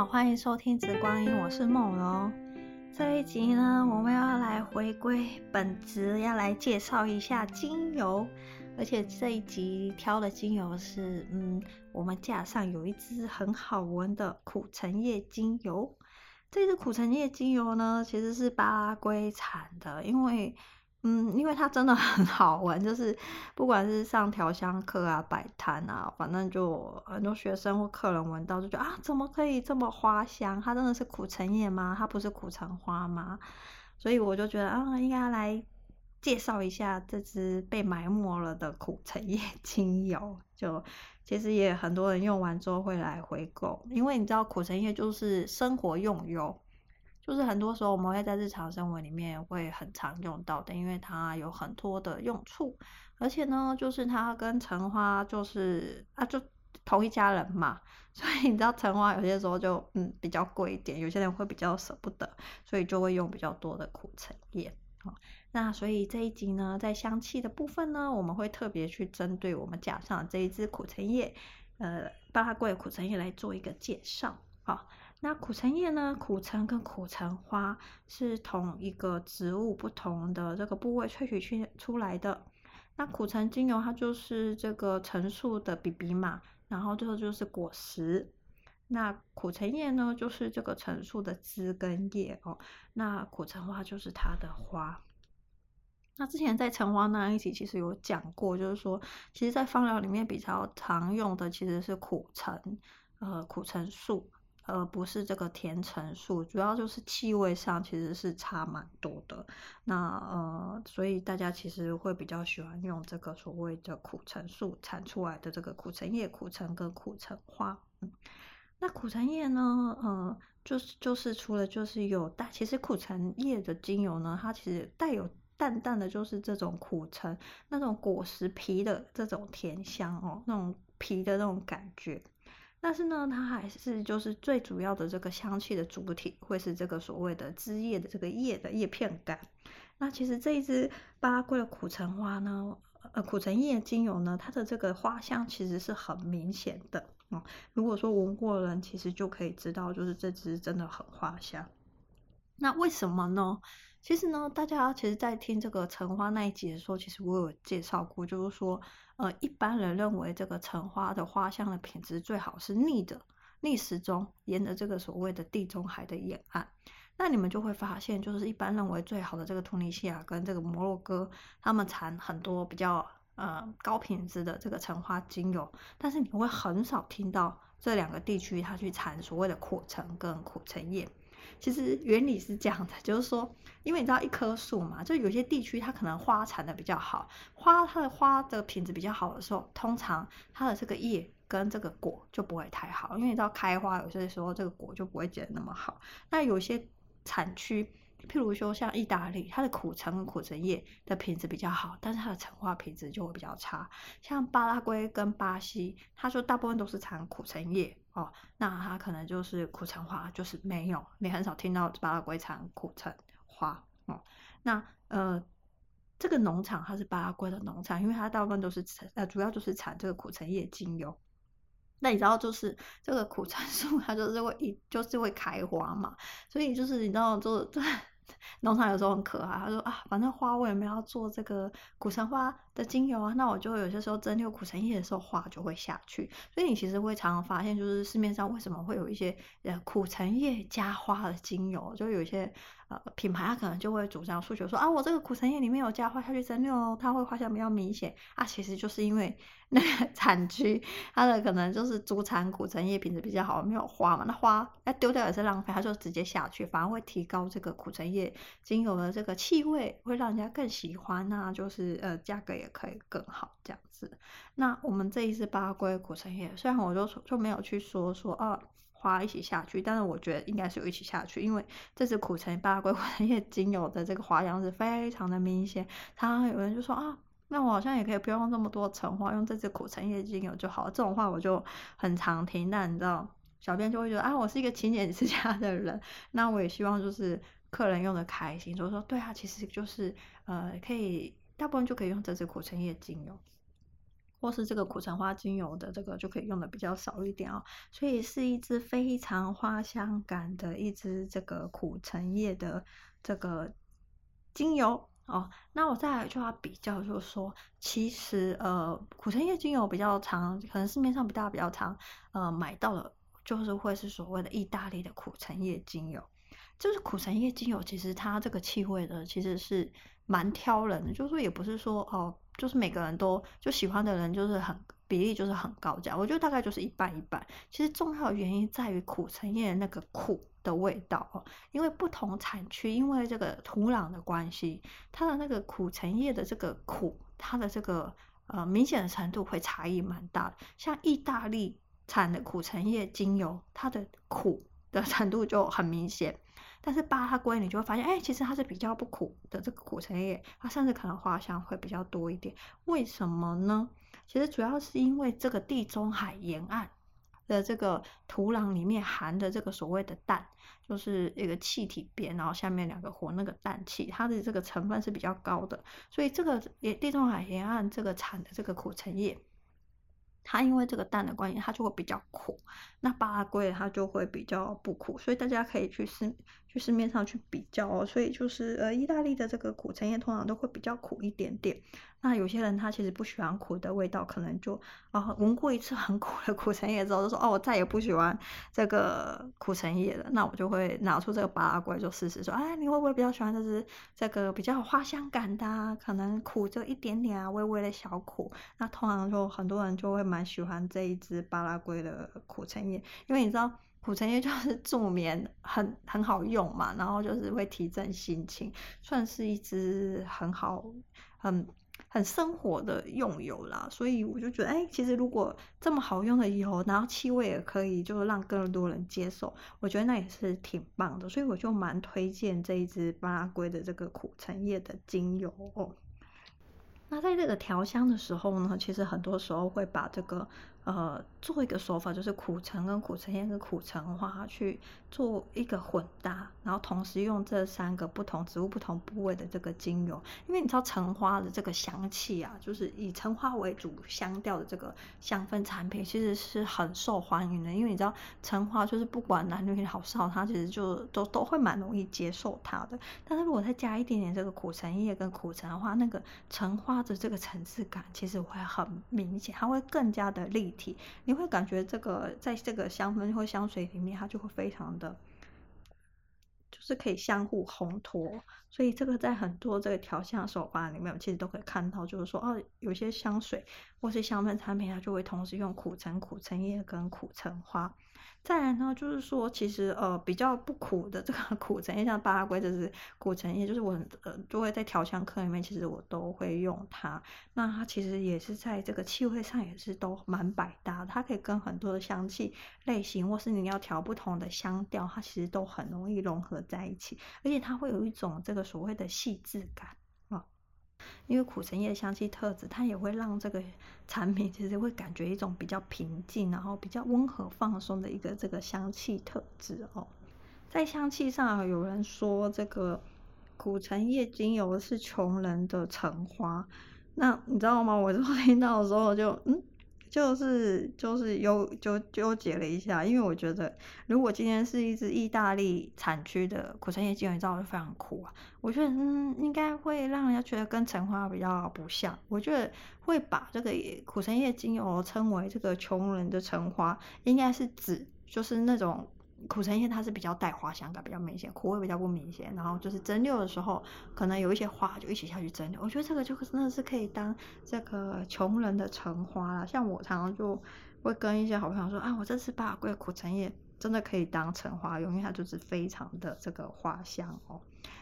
好，歡迎收聽《直光音》，我是夢榮。這一集呢，我們要來回歸本質，要來介紹一下精油。而且這一集挑的精油是，嗯，我們架上有一支很好聞的苦橙葉精油。這支苦橙葉精油呢，其實是巴拉圭產的，因為，嗯，因為它真的很好聞，就是不管是上調香課啊、擺攤啊，反正就很多學生或客人聞到就覺得啊，怎麼可以這麼花香？它真的是苦橙葉嗎？它不是苦橙花嗎？所以我就覺得啊，應該要來介紹一下這支被埋沒了的苦橙葉精油。就其實也有很多人用完之後會來回購，因為你知道苦橙葉就是生活用油。就是很多時候我們會在日常生活裡面會很常用到的，因為它有很多的用處，而且呢，就是它跟橙花就是啊就同一家人嘛，所以你知道橙花有些時候就嗯比較貴一點，有些人會比較捨不得，所以就會用比較多的苦橙葉。哦，那所以這一集呢，在香氣的部分呢，我們會特別去針對我們架上的這一支苦橙葉，呃，巴拉圭的苦橙葉來做一個介紹啊。哦那苦橙葉呢？苦橙跟苦橙花是同一個植物不同的這個部位萃取去出來的。那苦橙精油它就是這個橙樹的比比嘛，然後最後就是果實。那苦橙葉呢，就是這個橙樹的枝跟葉哦。那苦橙花就是它的花。那之前在橙花那一集其實有講過，就是說，其實在芳療裡面比較常用的其實是苦橙，呃，苦橙樹。呃，不是這個甜橙樹，主要就是氣味上其實是差蠻多的。那呃，所以大家其實會比較喜歡用這個所謂的苦橙樹產出來的這個苦橙葉、苦橙跟苦橙花。嗯，那苦橙葉呢，呃，就是就是除了就是有帶，但其實苦橙葉的精油呢，它其實帶有淡淡的，就是這種苦橙那種果實皮的這種甜香哦，那種皮的那種感覺。但是呢，它還是就是最主要的這個香氣的主體，會是這個所謂的枝葉的這個葉的葉片感。那其實這一支巴拉圭的苦橙花呢，呃，苦橙葉精油呢，它的這個花香其實是很明顯的。嗯，如果說聞過人，其實就可以知道，就是這支真的很花香。那為什麼呢？其實呢，大家其實，在聽這個橙花那一集的時候，其實我有介紹過，就是說，呃，一般人認為這個橙花的花香的品質最好是逆着逆時鐘，沿着這個所謂的地中海的沿岸，那你們就會發現，就是一般認為最好的這個突尼西亞跟這個摩洛哥，他們產很多比較呃高品質的這個橙花精油，但是你會很少聽到這兩個地區它去產所謂的苦橙跟苦橙葉。其實原理是這樣的，就是說，因為你知道一棵樹嘛，就有些地區它可能花產的比較好，花它的花的品質比較好的時候，通常它的這個葉跟這個果就不會太好，因為你知道開花有些時候這個果就不會結得那麼好。那有些產區，譬如說像意大利，它的苦橙苦橙葉的品質比較好，但是它的橙花品質就會比較差。像巴拉圭跟巴西，他說大部分都是產苦橙葉。哦，那它可能就是苦橙花，就是沒有，你很少聽到巴拉圭產苦橙花哦。那呃，這個農場它是巴拉圭的農場，因為它大部分都是產，呃，主要就是產這個苦橙葉精油。那你知道，就是這個苦橙樹，它就是會一，就是會開花嘛，所以就是你知道，就對。就就農場有時候很可怕，他說啊，反正花我也沒有要做這個苦橙花的精油啊，那我就有些時候蒸餾苦橙葉的時候，花就會下去。所以你其實會常常發現，就是市面上為什麼會有一些呃苦橙葉加花的精油，就有一些。呃，品牌它、啊、可能就會主張訴求說啊，我這個苦橙葉裡面有加花下去蒸餾哦，它會花香比較明顯啊。其實就是因為那個產區，它的可能就是主產苦橙葉品質比較好，沒有花嘛，那花要丟掉也是浪費，它就直接下去，反而會提高這個苦橙葉精油的這個氣味，會讓人家更喜歡，那就是呃價格也可以更好這樣子。那我們這一支巴拉圭苦橙葉，雖然我就就沒有去說說啊。花一起下去，但是我覺得應該是有一起下去，因為這支苦橙巴拉圭葉精油的這個花香是非常的明顯。他常常有人就說啊，那我好像也可以不用用這麼多橙花，用這支苦橙葉精油就好，這種話我就很常聽，但你知道，小編就會覺得啊，我是一個勤儉持家的人，那我也希望就是客人用的開心，所以說對啊，其實就是呃，可以大部分就可以用這支苦橙葉精油，或是這個苦橙花精油的這個就可以用的比較少一點哦，所以是一支非常花香感的一支這個苦橙葉的這個精油哦。那我再來就要比較，就是說其實呃苦橙葉精油比較常，可能市面上大家比較常呃買到的，就是會是所謂的意大利的苦橙葉精油。就是苦橙葉精油其實它這個氣味呢，其實是。蠻挑人的，就是說也不是說哦，就是每個人都就喜歡的人就是很比例就是很高價，這樣我覺得大概就是一半一半。其實重要的原因在於苦橙葉那個苦的味道哦，因為不同產區，因為這個土壤的關係，它的那個苦橙葉的這個苦，它的這個呃明顯的程度會差異蠻大的。像意大利產的苦橙葉精油，它的苦的程度就很明顯。但是巴拉圭你就會發現，哎、欸，其實它是比較不苦的。這個苦橙葉它甚至可能花香會比較多一點。為什麼呢？其實主要是因為這個地中海沿岸的這個土壤裡面含的這個所謂的氮，就是一個氣體邊，然後下面兩個火那個氮氣，它的這個成分是比較高的。所以這個也地中海沿岸這個產的這個苦橙葉，它因為這個氮的關係，它就會比較苦。那巴拉圭它就會比較不苦，所以大家可以去試。去、就、市、是、面上去比較哦，所以就是呃，意大利的這個苦橙葉通常都會比較苦一點點。那有些人他其實不喜歡苦的味道，可能就啊聞、呃、過一次很苦的苦橙葉之後，就說哦，我再也不喜歡這個苦橙葉了。那我就會拿出這個巴拉圭就試試，說哎，你會不會比較喜歡這隻？這個比較有花香感的、啊，可能苦就一點點啊，微微的小苦。那通常就很多人就會蠻喜歡這一隻巴拉圭的苦橙葉，因為你知道。苦橙葉就是助眠，很很好用嘛，然後就是會提振心情，算是一支很好、很很生活的用油啦。所以我就覺得，哎、欸，其實如果這麼好用的油，然後氣味也可以，就是讓更多人接受，我覺得那也是挺棒的。所以我就蠻推薦這一支巴拉圭的這個苦橙葉的精油、喔。那在這個調香的時候呢，其實很多時候會把這個。呃，做一個手法就是苦橙跟苦橙葉跟苦橙花去做一個混搭，然後同時用這三個不同植物、不同部位的這個精油，因為你知道橙花的這個香氣啊，就是以橙花為主香調的這個香氛產品，其實是很受歡迎的。因為你知道橙花就是不管男女老少，好，它其實就都都會蠻容易接受它的。但是如果再加一點點這個苦橙葉跟苦橙花，那個橙花的這個層次感其實會很明顯，它會更加的立。你會感覺這個在這個香氛或香水裡面，它就會非常的，就是可以相互烘托。所以這個在很多這個調香手法裡面，其實都可以看到，就是說哦、啊，有些香水或是香氛產品，它就會同時用苦橙苦橙葉跟苦橙花。再來呢，就是說，其實呃，比較不苦的這個苦橙葉，像巴拉圭，就是苦橙葉就是我很呃，就會在調香課裡面，其實我都會用它。那它其實也是在這個氣味上，也是都蠻百搭，它可以跟很多的香氣類型，或是你要調不同的香調，它其實都很容易融合在一起，而且它會有一種這個所謂的細緻感。因為苦橙葉香氣特質，它也會讓這個產品其實會感覺一種比較平靜，然後比較溫和放鬆的一個這個香氣特質哦。在香氣上，有人說這個苦橙葉精油是窮人的橙花，那你知道嗎？我聽到的時候就嗯。就是就是有就糾結了一下，因為我覺得如果今天是一支意大利產區的苦橙葉精油，你知道會非常苦啊。我覺得嗯，應該會讓人家覺得跟橙花比較不像。我覺得會把這個苦橙葉精油稱為這個窮人的橙花，應該是指就是那種。苦橙葉它是比較帶花香感，比較明顯，苦味比較不明顯。然後就是蒸餾的時候，可能有一些花就一起下去蒸餾。我覺得這個就真的是可以當這個窮人的橙花了。像我常常就會跟一些好朋友說啊，我這支巴拉圭苦橙葉真的可以當橙花用，因為它就是非常的這個花香哦、喔。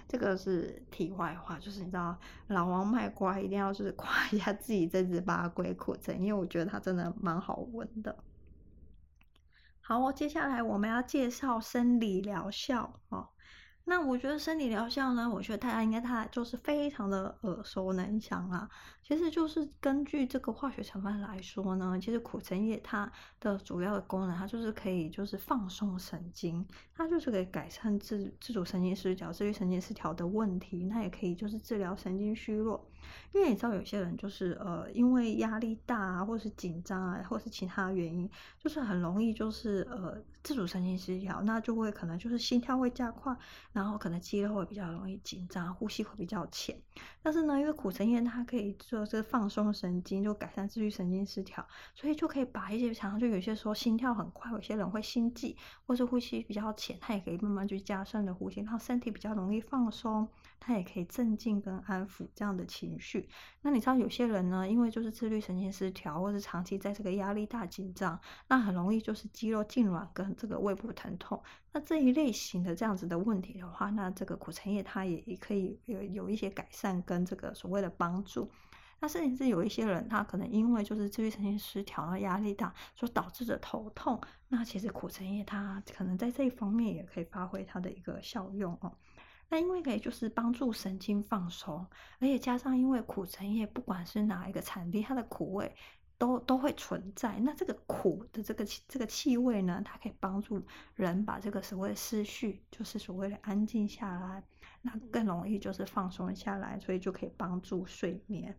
這個是題外話，就是你知道老王賣瓜一定要就是誇一下自己這支巴拉圭苦橙，因為我覺得它真的蠻好聞的。好，我接下來我們要介紹生理療效哦。那我覺得生理療效呢，我覺得大家應該它就是非常的耳熟能詳啦。其實就是根據這個化學成分來說呢，其實苦橙葉它的主要的功能，它就是可以就是放鬆神經，它就是可以改善自自主神經失調、自律神經失調的問題，那也可以就是治療神經虛弱。因為你知道有些人就是呃，因為壓力大啊，或者是緊張啊，或者是其他的原因，就是很容易就是呃自主神經失調，那就會可能就是心跳會加快，然後可能肌肉會比較容易緊張，呼吸會比較淺。但是呢，因為苦橙葉它可以就是、這個、放鬆神經，就改善自律神經失調，所以就可以把一些常常就有些時候心跳很快，有些人會心悸，或是呼吸比較淺，它也可以慢慢去加深的呼吸，然後身體比較容易放鬆，它也可以鎮靜跟安撫這樣的情序，那你知道有些人呢，因為就是自律神經失調，或是長期在這個壓力大、緊張，那很容易就是肌肉痙攣跟這個胃部疼痛。那這一類型的這樣子的問題的話，那這個苦橙葉它也也可以有有一些改善跟這個所謂的幫助。那甚至是有一些人，他可能因為就是自律神經失調啊、壓力大，所導致的頭痛，那其實苦橙葉它可能在這一方面也可以發揮它的一個效用哦。那因為可以就是幫助神經放鬆，而且加上因為苦橙葉不管是哪一個產地，它的苦味都都會存在。那這個苦的這個這個氣味呢，它可以幫助人把這個所謂的思緒，就是所謂的安靜下來，那更容易就是放鬆下來，所以就可以幫助睡眠。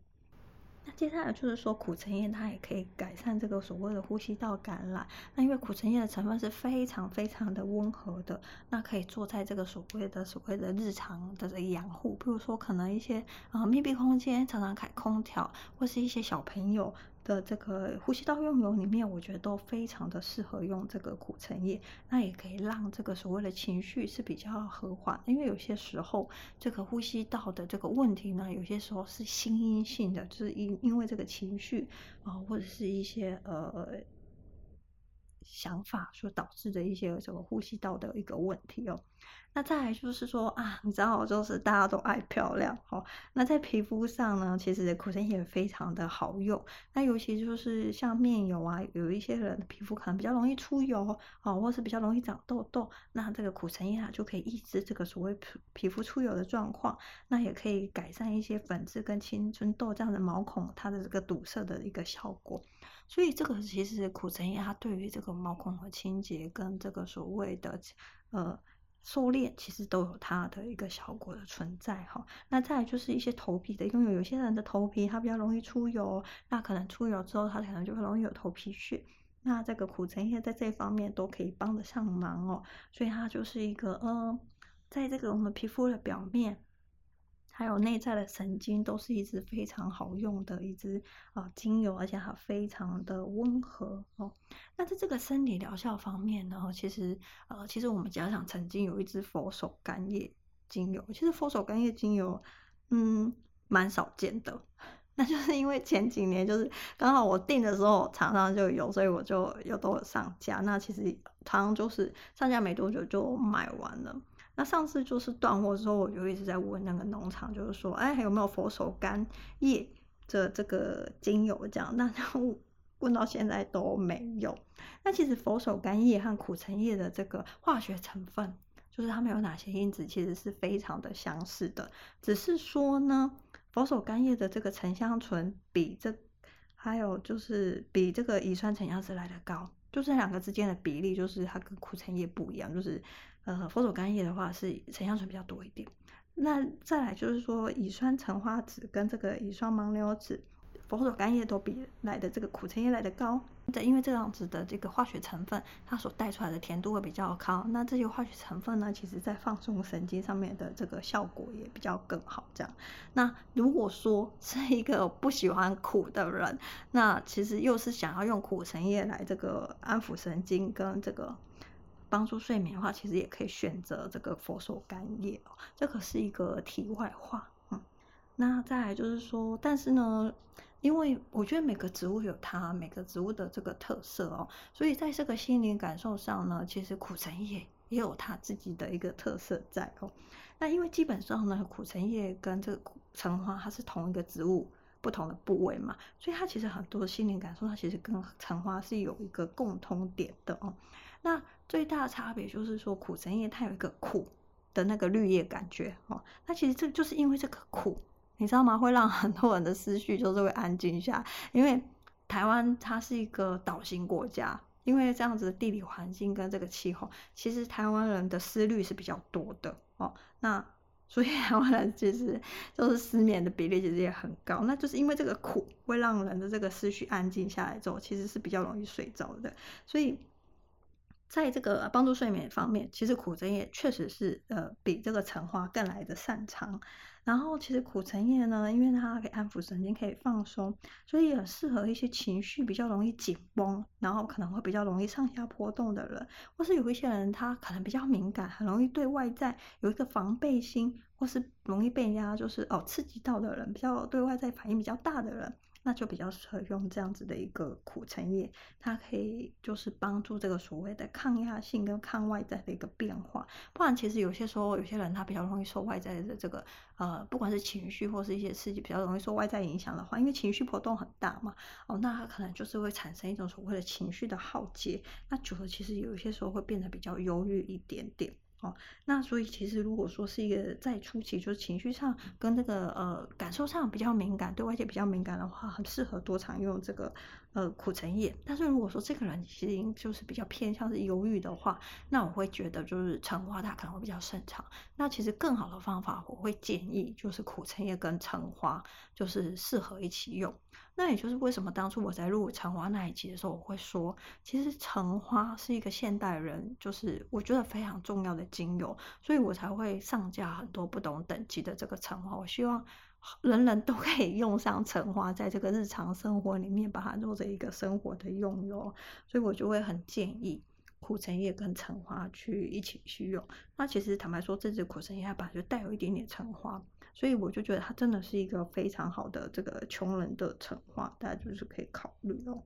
那接下來就是說苦橙葉它也可以改善這個所謂的呼吸道感染。那因為苦橙葉的成分是非常非常的溫和的，那可以做在這個所謂的所謂的日常的這個養護，比如說可能一些啊、呃、密閉空間常常開空調，或是一些小朋友。的這個呼吸道用油裡面，我覺得都非常的適合用這個苦橙葉，那也可以讓這個所謂的情緒是比較和緩，因為有些時候這個呼吸道的這個問題呢，有些時候是心因性的，就是因因為這個情緒啊、呃，或者是一些呃想法，所導致的一些這個呼吸道的一個問題哦。那再來就是說啊，你知道我就是大家都愛漂亮哦。那在皮膚上呢，其實苦橙葉也非常的好用。那尤其就是像面油啊，有一些人的皮膚可能比較容易出油哦，或是比較容易長痘痘。那這個苦橙葉它就可以抑制這個所謂皮皮膚出油的狀況，那也可以改善一些粉刺跟青春痘這樣的毛孔它的這個堵塞的一個效果。所以這個其實苦橙葉它對於這個毛孔的清潔跟這個所謂的呃。收斂其實都有它的一個效果的存在哈、哦，那再來就是一些頭皮的，因為有些人的頭皮它比較容易出油，那可能出油之後它可能就會容易有頭皮屑，那這個苦橙葉在這方面都可以幫得上忙哦，所以它就是一個嗯在這個我們皮膚的表面。還有內在的神經都是一支非常好用的一支啊精油，而且還非常的溫和哦。那在這個生理療效方面呢，其實呃，其實我們家長曾經有一支佛手柑葉精油，其實佛手柑葉精油嗯蠻少見的，那就是因為前幾年就是剛好我訂的時候廠上就有，所以我就有都有上架。那其實好像就是上架沒多久就賣完了。那上次就是斷貨之後，我就一直在問那個農場，就是說，哎、欸，還有沒有佛手柑葉的這個精油這樣？那但問到現在都沒有。那其實佛手柑葉和苦橙葉的這個化學成分，就是它們有哪些因子，其實是非常的相似的。只是說呢，佛手柑葉的這個沉香醇比這，還有就是比這個乙酸沉香酯來得高。就這、是、兩個之間的比例，就是它跟苦橙葉不一樣，就是，呃，佛手柑葉的話是沉香醇比較多一點。那再來就是說，乙酸橙花酯跟這個乙酸牻牛酯。佛手柑葉都比來的這個苦橙葉來得高，因為這樣子的這個化學成分，它所帶出來的甜度會比較高。那這些化學成分呢，其實在放鬆神經上面的這個效果也比較更好。這樣，那如果說是一個不喜歡苦的人，那其實又是想要用苦橙葉來這個安撫神經跟這個幫助睡眠的話，其實也可以選擇這個佛手柑葉哦。這可是一個題外話。嗯，那再來就是說，但是呢。因為我覺得每個植物有它每個植物的這個特色哦，所以在這個心靈感受上呢，其實苦橙葉也有它自己的一個特色在哦。那因為基本上呢，苦橙葉跟這個橙花它是同一個植物不同的部位嘛，所以它其實很多心靈感受，它其實跟橙花是有一個共通點的哦。那最大的差別就是說苦橙葉它有一個苦的那個綠葉感覺哦，那其實這就是因為這個苦。你知道嗎？會讓很多人的思緒就是會安靜下，因為台灣它是一個島型國家，因為這樣子的地理環境跟這個氣候，其實台灣人的思慮是比較多的哦。那所以台灣人其實都是失眠的比例其實也很高，那就是因為這個苦會讓人的這個思緒安靜下來之後，其實是比較容易睡着的。所以在這個幫助睡眠方面，其實苦橙葉確實是呃比這個橙花更來得擅長。然後其實苦橙葉呢，因為它可以安撫神經，可以放鬆，所以也很適合一些情緒比較容易緊繃，然後可能會比較容易上下波動的人，或是有一些人他可能比較敏感，很容易對外在有一個防備心，或是容易被人家，就是哦刺激到的人，比較對外在反應比較大的人。那就比較適合用這樣子的一個苦橙葉，它可以就是幫助這個所謂的抗壓性跟抗外在的一個變化。不然其實有些時候有些人他比較容易受外在的這個呃，不管是情緒或是一些刺激，比較容易受外在影響的話，因為情緒波動很大嘛，哦，那他可能就是會產生一種所謂的情緒的耗竭。那久了其實有一些時候會變得比較憂鬱一點點。哦，那所以其實如果說是一個在初期，就是情緒上跟這、那個呃感受上比較敏感，對外界比較敏感的話，很適合多常用這個。呃，苦橙葉。但是如果說這個人其實就是比較偏向是憂鬱的話，那我會覺得就是橙花它可能會比較擅長。那其實更好的方法，我會建議就是苦橙葉跟橙花就是適合一起用。那也就是為什麼當初我在錄橙花那一集的時候，我會說其實橙花是一個現代人就是我覺得非常重要的精油，所以我才會上架很多不同等級的這個橙花。我希望。人人都可以用上橙花，在這個日常生活裡面，把它做著一個生活的用用。所以我就會很建議苦橙葉跟橙花去一起去用。那其實坦白說，這支苦橙葉它本身就帶有一點點橙花，所以我就覺得它真的是一個非常好的這個窮人的橙花，大家就是可以考慮哦。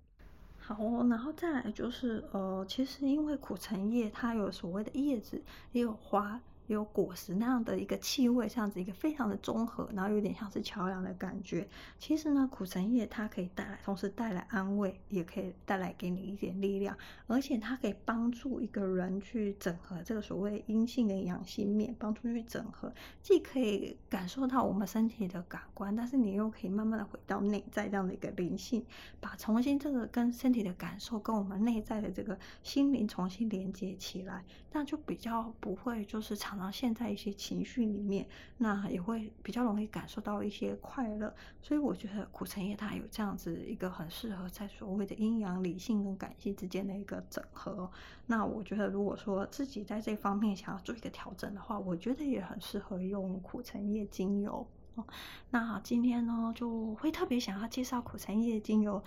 好哦，然後再來就是呃，其實因為苦橙葉它有所謂的葉子也有花。有果實那樣的一個氣味，這樣子一個非常的綜合，然後有點像是橋樑的感覺。其實呢，苦橙葉它可以帶來，同時帶來安慰，也可以帶來給你一點力量，而且它可以幫助一個人去整合這個所謂陰性跟陽性面，幫助去整合，既可以感受到我們身體的感官，但是你又可以慢慢的回到內在這樣的一個靈性，把重新這個跟身體的感受跟我們內在的這個心靈重新連接起來，那就比較不會就是長。然後現在一些情緒裡面，那也會比較容易感受到一些快樂，所以我覺得苦橙葉它有這樣子一個很適合在所謂的陰陽理性跟感性之間的一個整合。那我覺得如果說自己在這方面想要做一個調整的話，我覺得也很適合用苦橙葉精油哦。那今天呢，就會特別想要介紹苦橙葉精油。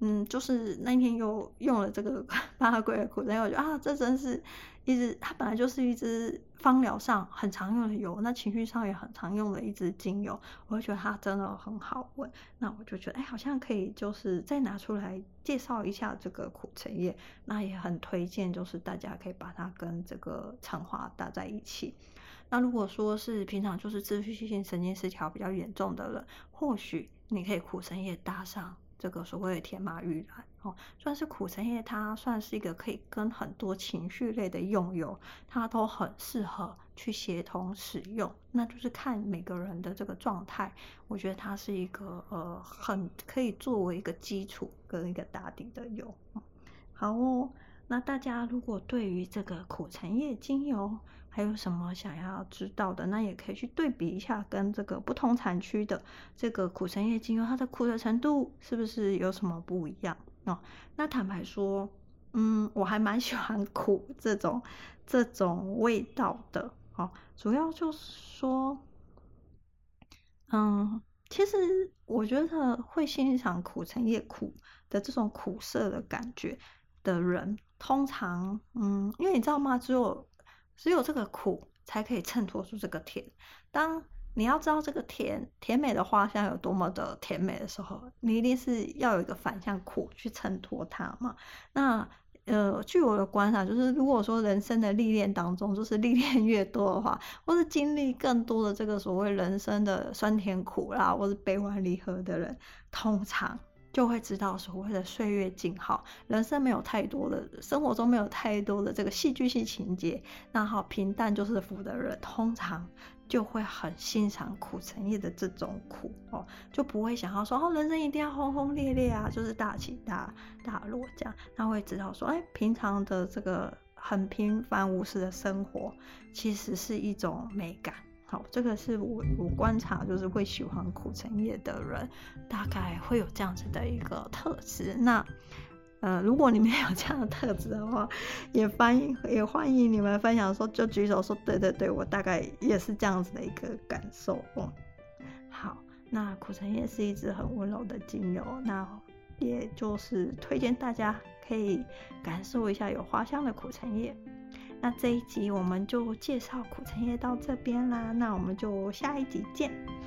嗯，就是那一天又用了這個巴拉圭的苦橙葉，我覺得啊，這真是一支，它本來就是一支芳療上很常用的油，那情緒上也很常用的一支精油，我就覺得它真的很好聞。那我就覺得，哎，好像可以就是再拿出來介紹一下這個苦橙葉，那也很推薦就是大家可以把它跟這個橙花搭在一起。那如果說是平常就是自律性神經失調比較嚴重的人，或許你可以苦橙葉搭上。這個所謂的甜馬鬱蘭哦，算是苦橙葉，因為它算是一個可以跟很多情緒類的用油，它都很適合去協同使用。那就是看每個人的這個狀態，我覺得它是一個呃，很可以作為一個基礎跟一個打底的油。好哦。那大家如果對於這個苦橙葉精油還有什麼想要知道的，那也可以去對比一下跟這個不同產區的這個苦橙葉精油，它的苦的程度是不是有什麼不一樣？哦，那坦白說，嗯，我還蠻喜歡苦這種這種味道的哦。主要就是說，嗯，其實我覺得會欣賞苦橙葉苦的這種苦澀的感覺的人。通常，嗯，因為你知道嗎？只有，只有這個苦才可以襯托出這個甜。當你要知道這個甜，甜美的花香有多麼的甜美的時候，你一定是要有一個反向苦去襯托它嘛。那，呃，據我的觀察，就是如果說人生的歷練當中，就是歷練越多的話，或是經歷更多的這個所謂人生的酸甜苦辣或是悲歡離合的人，通常。就會知道所謂的歲月靜好。人生沒有太多的，生活中沒有太多的這個戲劇性情節，那好，平淡就是福的人，通常就會很欣賞苦橙葉的這種苦哦，就不會想要說哦，人生一定要轟轟烈烈啊，就是大起大大落這樣，那會知道說，哎，平常的這個很平凡無事的生活，其實是一種美感。好，這個是我我觀察，就是會喜歡苦橙葉的人，大概會有這樣子的一個特質。那，呃，如果你們有這樣的特質的話，也歡迎也歡迎你們分享說，說就舉手說，對對對，我大概也是這樣子的一個感受。嗯。好，那苦橙葉是一支很溫柔的精油，那也就是推薦大家可以感受一下有花香的苦橙葉。那這一集我們就介紹苦橙葉到這邊啦，那我們就下一集見。